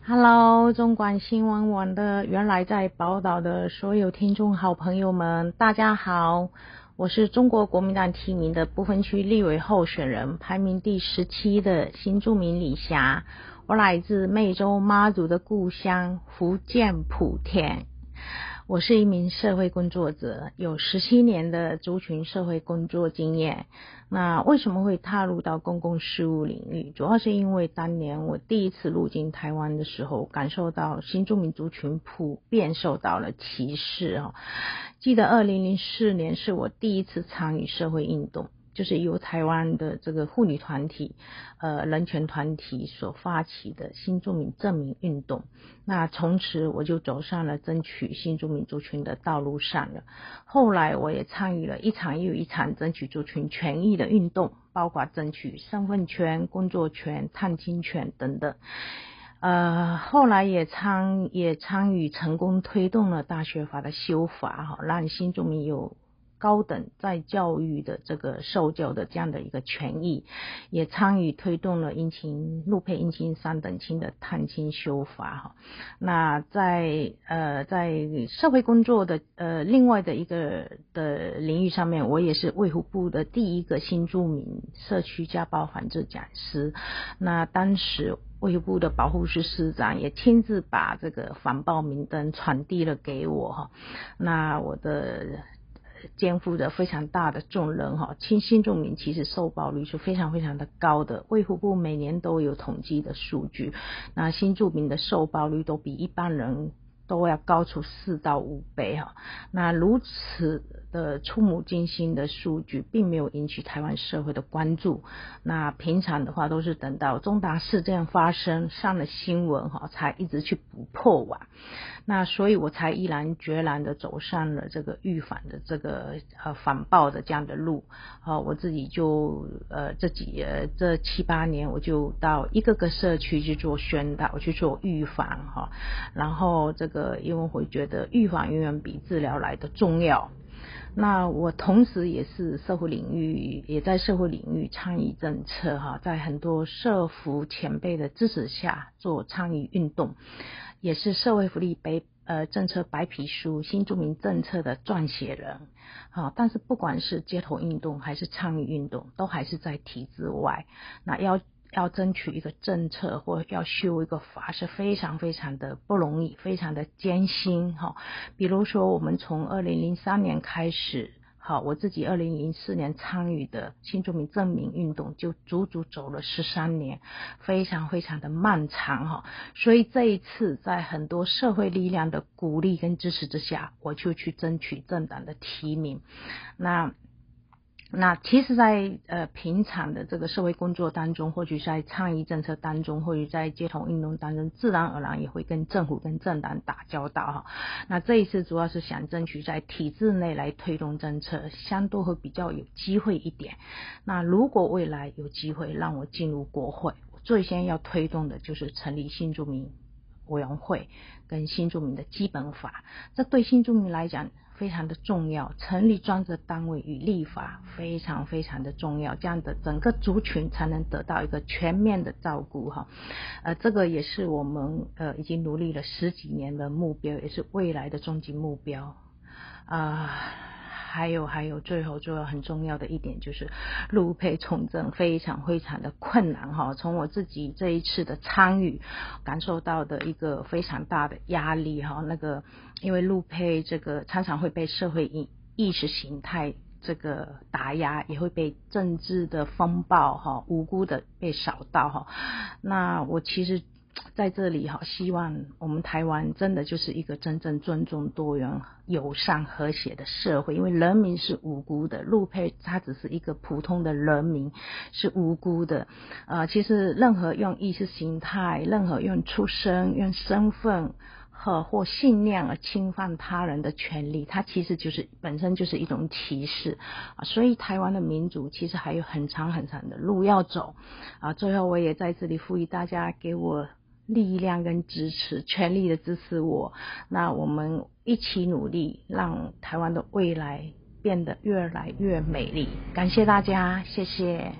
哈嘍，Hello, 中廣新聞網的原來在寶島的所有聽眾好朋友們，大家好，我是中國國民黨提名的不分區立委候選人，排名第十七的新住民李霞，我來自湄洲媽祖的故鄉福建莆田。我是一名社會工作者，有十七年的族群社會工作經驗。那為什麼會踏入到公共事務領域？主要是因為當年我第一次入境台灣的時候，感受到新住民族群普遍受到了歧視啊。記得二零零四年是我第一次參與社會運動。就是由臺灣的這個婦女團體、呃人權團體所發起的新住民正名運動。那從此我就走上了爭取新住民族群的道路上了。後來我也參與了一場又一場爭取族群權益的運動，包括爭取身份權、工作權、探親權等等。呃，後來也參也參與成功推動了大學法的修法，哈，讓新住民有。高等在教育的這個受教的這樣的一個權益，也參與推動了姻親、陸配、姻親、三等親的探親修法哈。那在呃在社會工作的呃另外的一個的領域上面，我也是衛福部的第一個新住民社區家暴防治講師。那當時衛福部的保護司司長也親自把這個防暴明燈傳遞了給我哈。那我的。肩負着非常大的重任哈，新新住民其實受暴率是非常非常的高的，衛福部每年都有統計的數據，那新住民的受暴率都比一般人都要高出四到五倍哈，那如此。的觸目驚心的數據並沒有引起台灣社會的關注。那平常的話都是等到重大事件發生上了新聞哈，才一直去補破網啊。那所以我才毅然決然地走上了這個預防的這個呃反暴的這樣的路。好，我自己就呃這幾這七八年，我就到一個個社區去做宣導，我去做預防哈。然後這個因為我會覺得預防永遠比治療來得重要。那我同時也是社會領域，也在社會領域參與政策哈，在很多社服前輩的支持下做參與運動，也是社會福利白呃政策白皮書新住民政策的撰寫人啊、哦。但是不管是街頭運動還是參與運動，都還是在體制外，那要。要爭取一個政策，或要修一個法，是非常非常的不容易，非常的艱辛哈、哦。比如說，我們從二零零三年開始，好，我自己二零零四年參與的新住民正名運動，就足足走了十三年，非常非常的漫長哈、哦。所以這一次，在很多社會力量的鼓勵跟支持之下，我就去爭取政黨的提名，那。那其實在，在呃平常的這個社會工作當中，或許在倡議政策當中，或許在街頭運動當中，自然而然也會跟政府、跟政黨打交道哈。那這一次主要是想爭取在體制內來推動政策，相對會比較有機會一點。那如果未來有機會讓我進入國會，最先要推動的就是成立新住民委員會跟新住民的基本法，這對新住民來講。非常的重要，成立專責單位與立法非常非常的重要，這樣的整個族群才能得到一個全面的照顧哈，呃，這個也是我們呃已經努力了十幾年的目標，也是未來的終極目標啊。呃還有還有，最後就要很重要的一點就是，陸配從政非常非常的困難哈、哦。從我自己這一次的參與，感受到的一個非常大的壓力哈、哦。那個因為陸配這個常常會被社會意識形態這個打壓，也會被政治的風暴哈、哦、無辜的被掃到哈、哦。那我其實。在這裡哈、哦，希望我們台灣真的就是一個真正尊重多元、友善、和諧的社會。因為人民是無辜的，陸配他只是一個普通的人民，是無辜的。呃，其實任何用意識形態、任何用出身、用身份和或信念而侵犯他人的權利，它其實就是本身就是一種歧視。啊、呃，所以台灣的民主其實還有很長很長的路要走。啊、呃，最後我也在這裡呼籲大家給我。力量跟支持，全力的支持我，那我們一起努力，讓台灣的未來變得越來越美麗。感謝大家，謝謝。